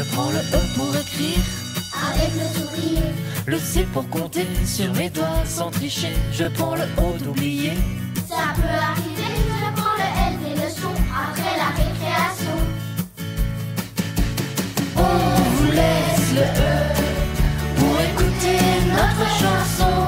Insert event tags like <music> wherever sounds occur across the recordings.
Je prends le E pour écrire avec le sourire. Le C pour compter sur mes doigts sans tricher. Je prends le O d'oublier. Ça peut arriver, je prends le L des leçons après la récréation. On vous laisse le E pour écouter notre chanson.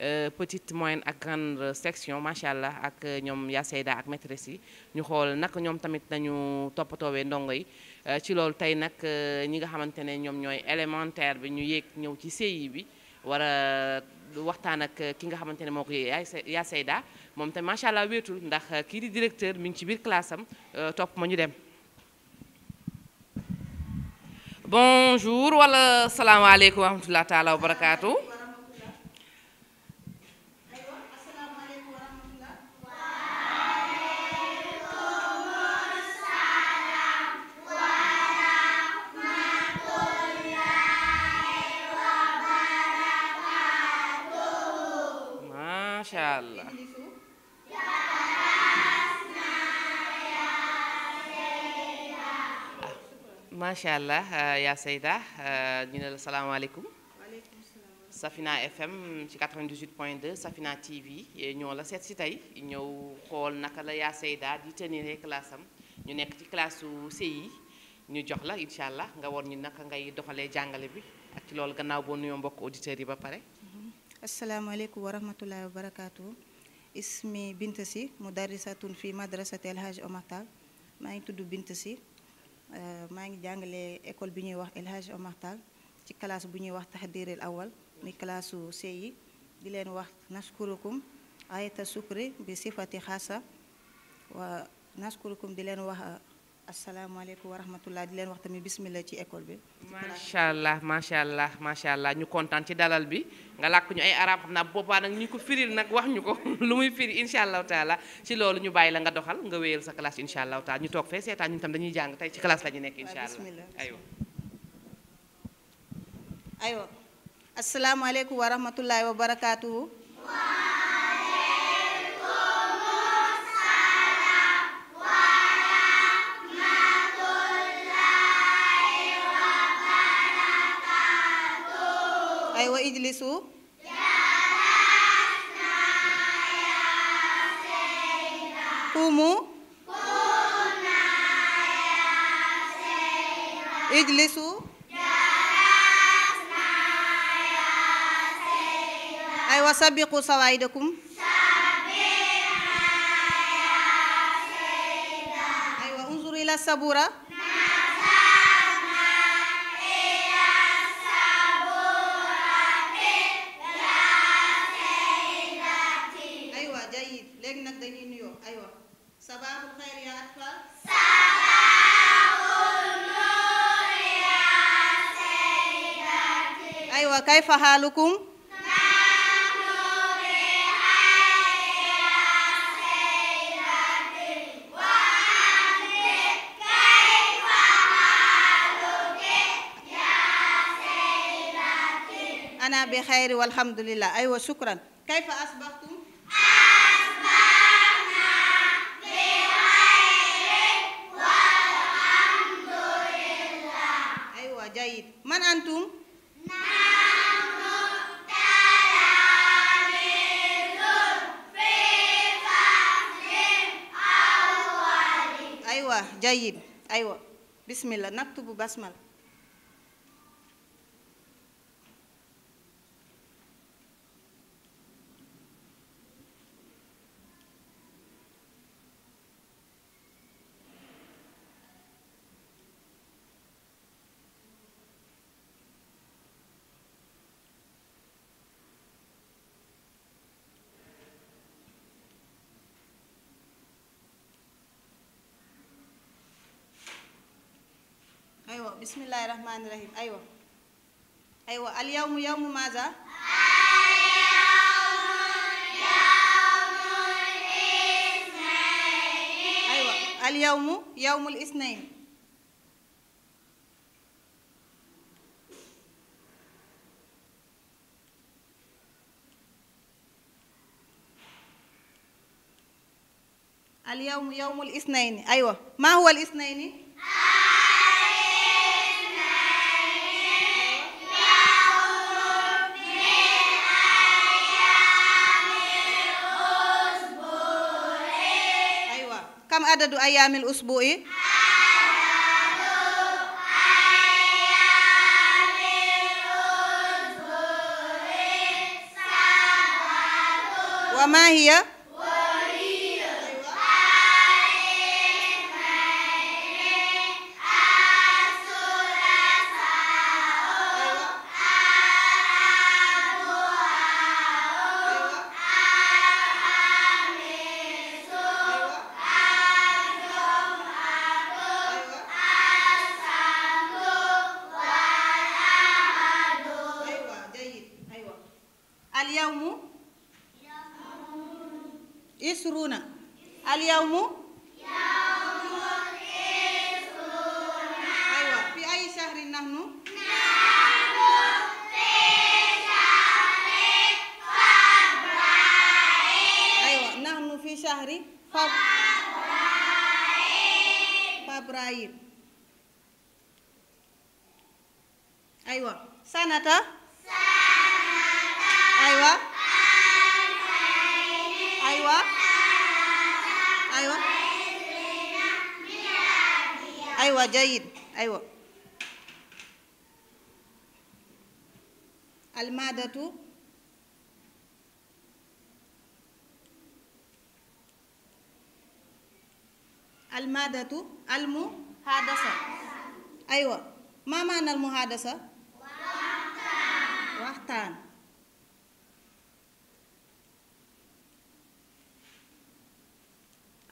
Euh, petite moyenne ak grande section macha allah ak euh, ñoom yaa Seyda ak maîtresse yi ñu xool nag ñoom tamit nañu toppatoowee ndongo yi euh, ci loolu tey nag ñi nga xamante ne ñoom ñooy élémentaire bi ñu yéeg ñëw ci CI bi war a waxtaan ak ki nga xamante ne moo ko yaa Seyda moom tamit macha allah wéetul ndax kii di directeur mi ngi ci biir classe am topp ma ñu dem. bonjour wala salaamaaleykum wa rahmatulah taalaa wa barakaatu. macha allah. ya allah yaa Seyda ñu ne la salaamaaleykum. waaleykum salaam. Safina FM ci 98.2 Safina TV ñoo la seet si tey ñëw xool naka la yaa Seyda di tenir classe ñu nekk ci classe su CI ñu jox la incha allah nga war ñu naka ngay doxalee jàngale bi ak ci loolu gannaaw boo nuyoo mbokk auditeurs yi ba pare. السلام عليكم ورحمة الله وبركاته اسمي بنتسي مدرسة في مدرسة الهاج أمهتاب ما تدو بنتسي آه، ما جانج لي إيكول بنيو الهاج أمهتاب تي كلاس بنيو تحضير الأول مي كلاس سي دي لين وقت نشكركم آية سكري بصفة خاصة ونشكركم دي لين Assalamualaikum warahmatullahi rahmatulah di leen wax tammi bismillah ci école bi. machallah machallah machallah ñu contane ci dalal bi nga lak ñu ay arab xamna bopa nak nag ko firil nak wax ñuko <laughs> lu muy firi inshallah taala ci lolu ñu bayila nga doxal nga wëyel sa classe inshallah taala ñu tok fe setan ñu tam dañuy jang tay ci classe lañu nek inshallah ayo ayo assalamualaikum warahmatullahi wabarakatuh wa واجلسوا يا سيدة قوموا قمنا يا سيدة اجلسوا جلسنا يا سيدة أيوة سبقوا صواعدكم سبحنا يا سيدة أيوة انظروا إلى السبورة ليك نك داني أيوة. صباح الخير يا اطفال صباح النور يا سيدتي ايوا كيف حالكم أنا بخير والحمد لله أيوة شكرا كيف أصبحتم؟ jahit. Man antum? Aywa, jahit. ayo Bismillah, tubuh basmal. بسم الله الرحمن الرحيم أيوة أيوة اليوم يوم ماذا؟ أيوة. اليوم يوم الاثنين اليوم يوم الاثنين أيوة ما هو الاثنين؟ عدد أيام الأسبوع؟ وما هي؟ شهر فبراير أيوة سنة أيوة أيوة أيوة أيوة جيد أيوة المادة المادة المحادثة أيوة ما معنى المحادثة؟ وقتان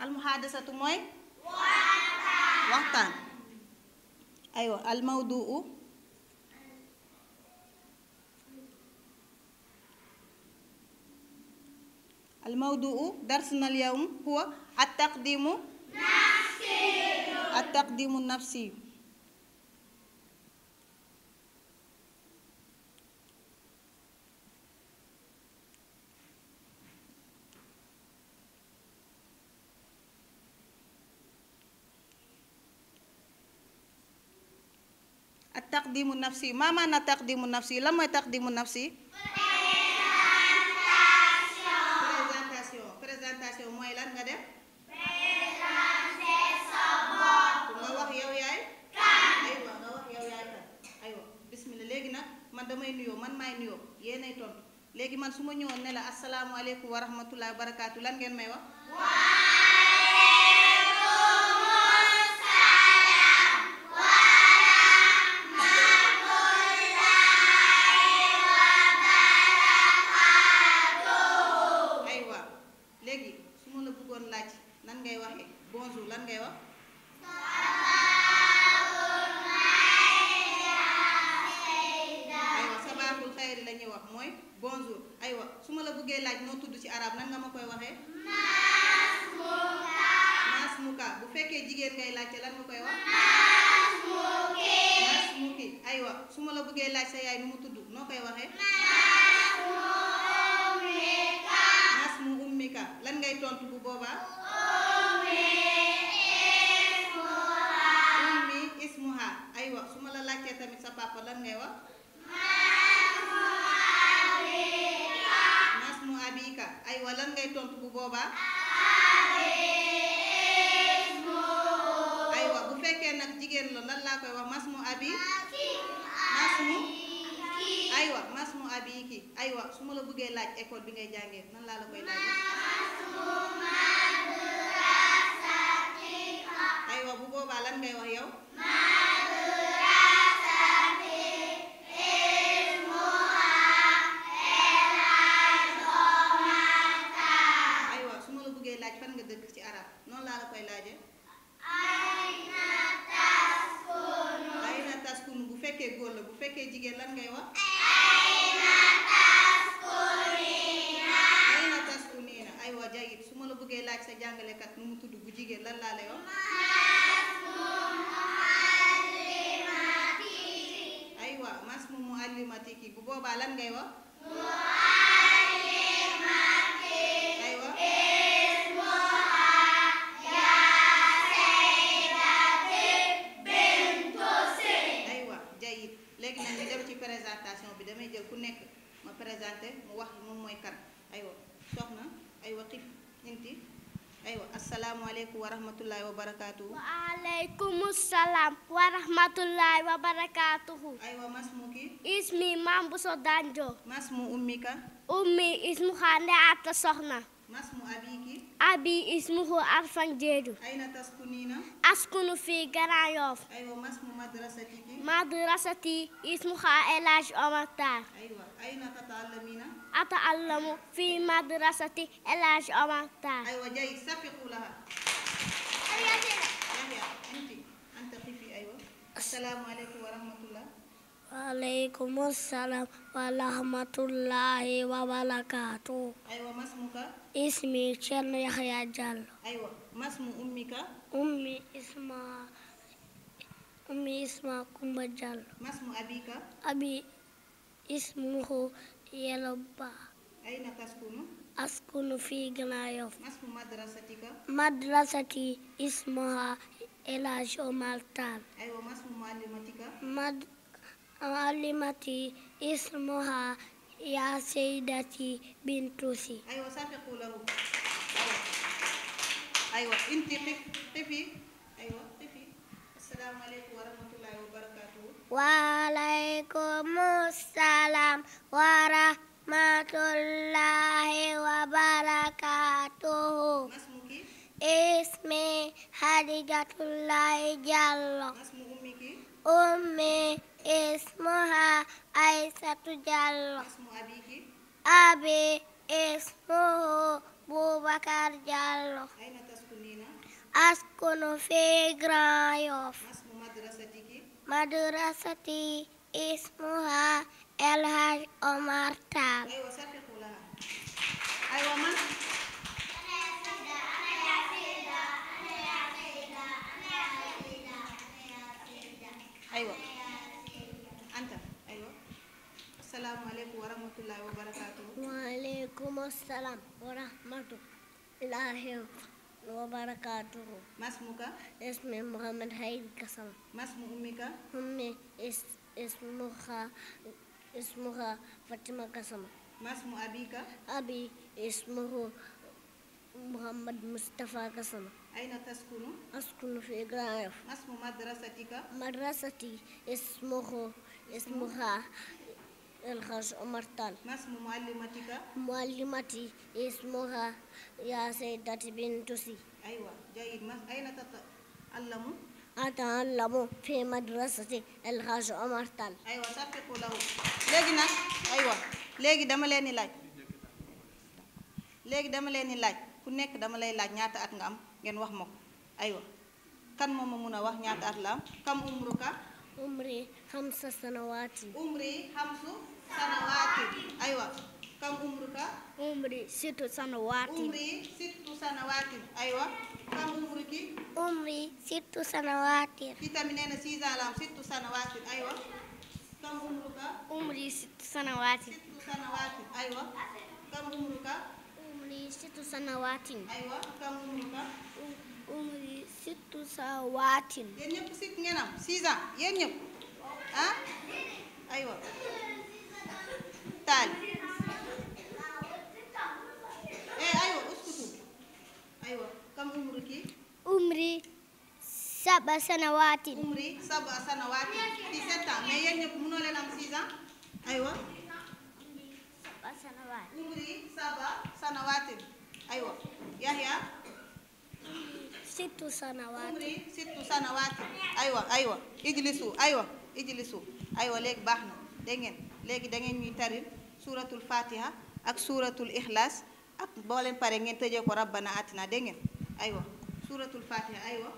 المحادثة موي وقتان أيوة الموضوع الموضوع درسنا اليوم هو التقديم نعم at-taqdimu nafsi at-taqdimu nafsi Mama mana takdimun nafsi lama takdimun nafsi man maay nuyoo yéenay tontu léegi man su ma ñëwoon ne la asalaamualeykum wa rahmatulah barakaatu lan ngeen may wax. wax moy bonjour ay su suma la bëggé laaj noo tuddu ci arab nan nga ma koy waxee masmuka masmuka bu féké jigéen ngay laajte lan nga koy wax masmuki masmuki ay su suma la bëggé laaj sa yaay nu mu tudd noo koy waxee masmuka masmu lan ngay tontu bu boba ummi ismuha aywa su ma la tamit sa papa lan ngay wax ay walan ngay tontu bu boobaa ay wa bu fekke nak jigen la lan la koy wax masmu abi masmu ay wa masmu abi ki ay wa suma la bëggee laaj école bi ngay jàngee nan la la koy laaj ay wa bu boba lan ngay wax yow ismu muallimatiki bu boobaa lan ngay wax muallimati ngay wax ismuha ya sayyidati bintu si aywa jayid léegi nag ñu dem ci présentation bi damay jël ku nekk ma présenté mu wax aywa asalaamualeykum wa rahmatullahi wa barakaatu. waaleykum salaam wa rahmatullahi ismi maam bu so danjo. masmu ummika. ummi ismu xaande atta soxna. masmu abiki. abi ismuhu arfan jeeju. ayna taskunina. askunu fi Grand Yoff. aywa masmu madrasatiki. مع دراستي اسمها علاج أمطار أيوة أين تتعلمين؟ أتعلم في مدرستي علاج أمطار أيوة جاي سبقوا لها أيوة، يحيى أنت أنت قفي أيوة السلام عليكم ورحمة الله وعليكم السلام ورحمة الله وبركاته أيوة ما اسمك؟ اسمي شن يحيى جل أيوة ما اسم أمك؟ أمي اسمها ummi isma abi ismuhu yelobba madrasati ismuha elage Omar asalaamaaleykum wa rahmatulaahi wa barakaatu. ismi Hadijatullaahi Jallo. ummi ismuha Aysatu Jallo. abi ismuhu Bubakar Jallo. askunu fi Grand madrasati ismuha El Hadj Omar Tall وبركاته ما اسمك؟ اسمي محمد هايد قسم ما اسم أمك؟ أمي اسمها اسمها فاطمة قسم ما اسم أبيك؟ أبي اسمه محمد مصطفى قسم أين تسكن؟ أسكن في إقراف ما اسم مدرستك؟ مدرستي اسمه اسمها الخرج مرتان ما اسم معلمتك؟ معلمتي اسمها يا سيدة بنت سي أيوة جيد ما أين تتعلم؟ أتعلم في مدرسة الخرج مرتان أيوة صفق له لجنة أيوة لجي دم لين لاي لجي دم لين لاي كل نك دم لين لاي نعت أتنام جن وهمك أيوة كان ماما منا وح نعت أتلام كم عمرك؟ umri hamsa sanawati. Umri hamsu sanawati. Aywa, kam umru ka? Umri situ sanawati. Umri situ sanawati. Aywa, kam umru ki? Umri situ sanawati. Kita minena siza alam situ sanawati. Aywa, kam umru ka? Umri situ sanawati. Situ sanawati. Aywa, kam umru ka? Umri situ sanawati. Aywa, kam umru ka? Um- umri situ sawatin yéen ñëpp sit ngeen am six ans yéen ah aywa tal, eh aywa uskutu aywa kam umri ki umri saba sanawatin umri saba sanawatin ci sept ans mais yéen ñëpp mënoo leen am six ans aywa saba sanawatin umri saba sanawatin aywa yahya umri sittu sanawaat umri sittu sanawaat aywa aywa ijlisu aywa ijlisu aywa léegi baax na dégg ngeen léegi da ngeen ñuy taril suuratul fatiha ak suuratul ixlaas ak boo leen pare ngeen tëjee ko rabbana atina dégg ngeen aywa suuratul fatiha aywa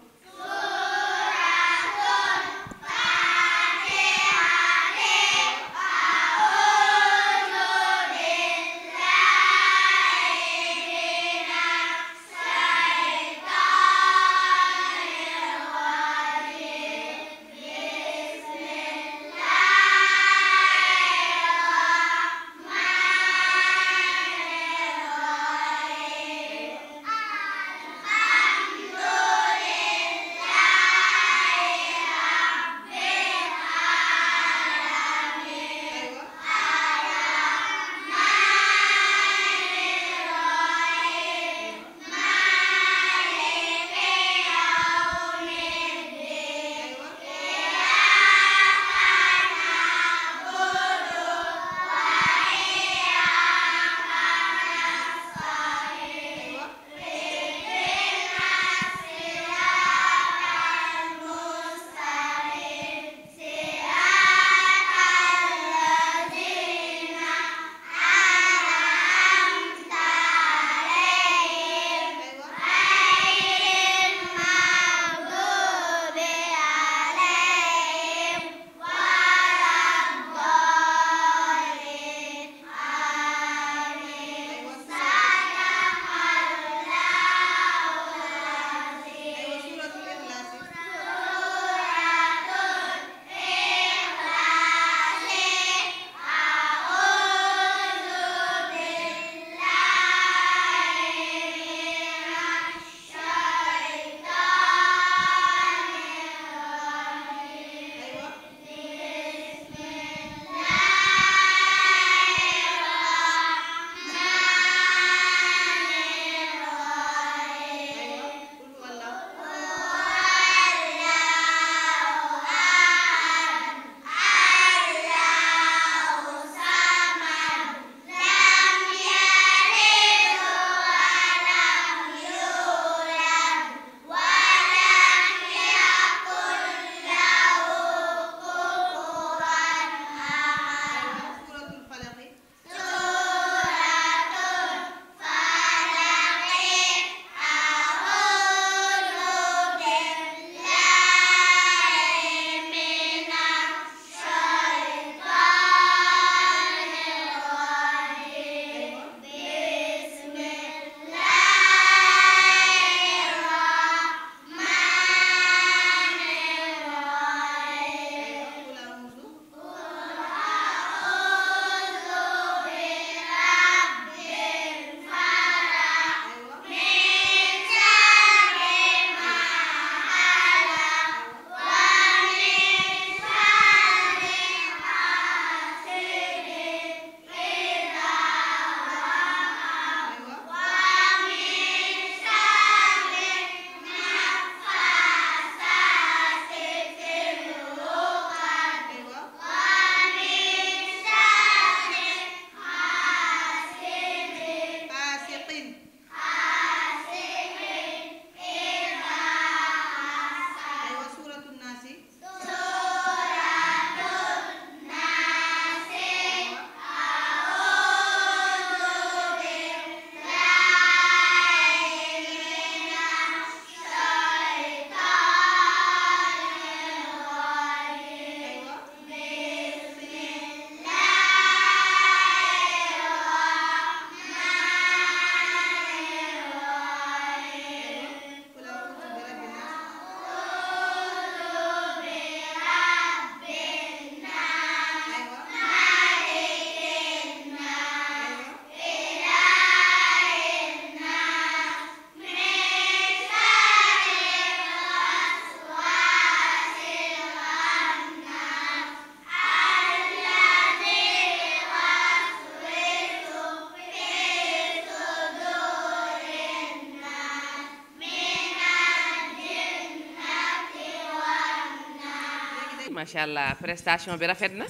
macha allah prestation bi rafet na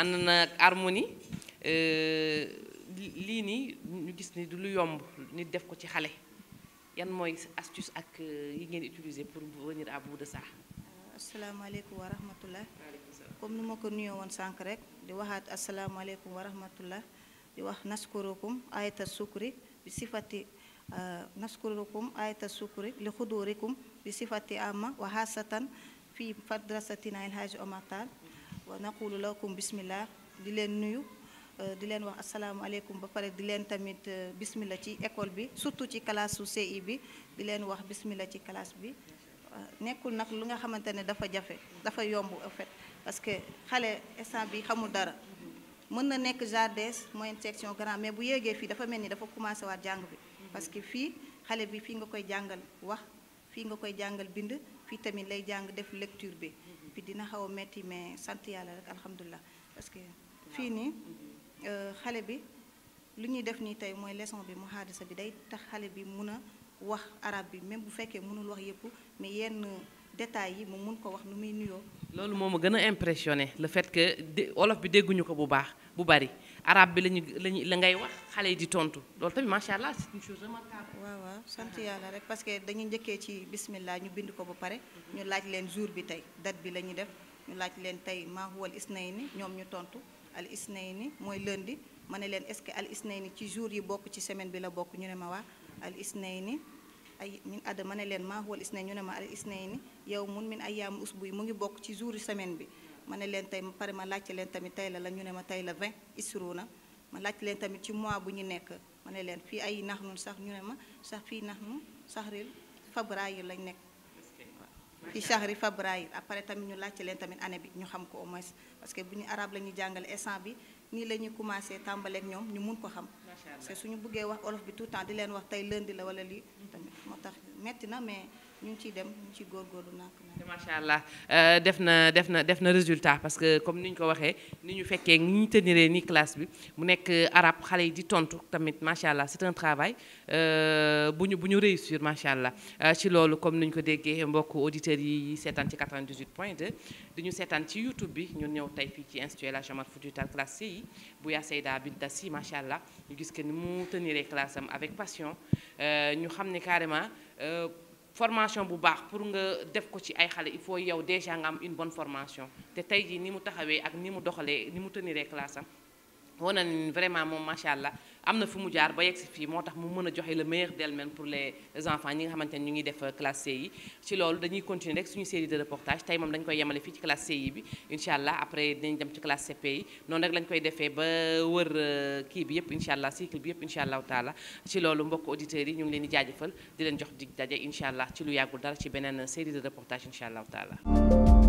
ànd na harmonie lii nii ñu gis ni du lu yomb nit def ko ci xale yan mooy astuce ak yi ngeen utiliser pour venir à bout de ça. asalaamaaleykum wa rahmatullah comme ni ma ko nuyoo woon sànq rek di waxaat asalaamaaleykum wa rahmatullah di wax naskurukum ayata sukri bi sifati naskurukum ayata sukri li xudurikum bi sifati ama wa xaasatan fii madrasatina El Hadji Omar Tall wa naqulu lakum bismillah di leen nuyu euh, di leen wax asalaamaaleykum ba pare di leen tamit euh, bismillah ci école bi surtout ci classe su CI bi di leen wax bismillah ci classe bi euh, nekkul nag lu nga xamante ne dafa jafe dafa yomb en fait parce que xale instant bi xamul dara mën na nekk jardès moyenne section grand mais bu yéegee fii dafa mel ni dafa commencé waat jàng bi parce que fii xale bi fii nga koy jàngal wax fii nga koy jàngal bind puis tamit lay jang def lecture bi puis dina xaw metti mais sante yalla rek alhamdulilah parce que fii euh xalé bi lu ñuy def ni tay moy leçon bi muhaadasa bi day tax xalé bi mun wax arabe bi même bu fekkee mënul wax yépp mais yenn détails yi mu mën ko wax nu muy nuyoo. loolu moo ma impressionné le fait que olof bi dégguñu ko bu baax bu bari arabe bi lañu lañu la ngay wax xale yi di tontu loolu tamit macha allah c'est une waaw waaw sant yàlla rek parce que dañu njëkkee ci bismillah ñu bind ko ba pare. ñu laaj leen jour bi tey dat bi la ñu def ñu laaj leen tey maa huwal isnayni ñoom ñu tontu al isnayni mooy lundi ma ne leen est-ce que al isnayni ci jour yi bokk ci semaine bi la bokk ñu ne ma wax al isnayni ay min adda ma ne leen maa huwal isnayni ñu ne ma al isnayni yow mun min ayyaamul usbu yi mu ngi bokk ci jour yi semaine bi. ma ne leen tey ma pare ma laajte leen tamit tey la la ñu ne ma tey la 20 isro na ma laajte leen tamit ci mois bu ñu nekk ma ne leen fii ay nax nu sax ñu ne ma sax fii nax nu saxril fabrayil lañ nekk fii saxri fabrayil après tamit ñu laajte leen tamit année bi ñu xam ko au moins parce que bu ñu arabe la ñuy jàngale instant bi nii la ñuy commencé tàmbaleeg ñoom ñu mun ko xam parce que suñu bëggee wax olof bi tout temps di leen wax tey lundi la wala lii tamit moo tax metti na mais ñu ngi ciy dem ñu ngi ciy macha allah euh, def na def na parce que comme ni ñu ko waxee ni ñu fekkee ni ñu tëniree ni classe bi mu nekk arab xale yi di tontu tamit macha c'est un travail euh, bu ñu bu ñu réussir macha euh, ci loolu comme ni ñu ko déggee mbokk auditeurs yi seetaan ci 98 point 2 di ñu seetaan youtube bi ñun ñëw tey fii ci institut El Hadji Omar Foutiyou Tall classe CI bu yaa Seyda Binta Sy macha allah gis que mu tëniree classe am avec passion ñu xam ne carrément formation bu baax pour nga def ko ci ay xale il faut yow déjà nga am une bonne formation te tey jii ni mu taxawee ak ni mu doxalee ni mu tëniree classe am wane na vraiment moom macha allah am na fu mu jaar ba yegsi fii moo tax mu mën a joxe le meilleur d'elle-même pour les enfants ñi nga xamante ne ñu ngi def euh, classe CI loolu dañuy continuer rek suñu série de reportage tey moom dañ koy yemale fii ci classe CI bi incha allah après dinañ dem ci classe CPI noonu rek lañ koy defee ba wër euh, kii bi yëpp incha allah yëpp incha allahu taala ci loolu mbokk auditeurs yi ñu ngi leen di jaajëfal di leen jox di daje incha allah ci lu yàggul dara ci beneen série de reportage incha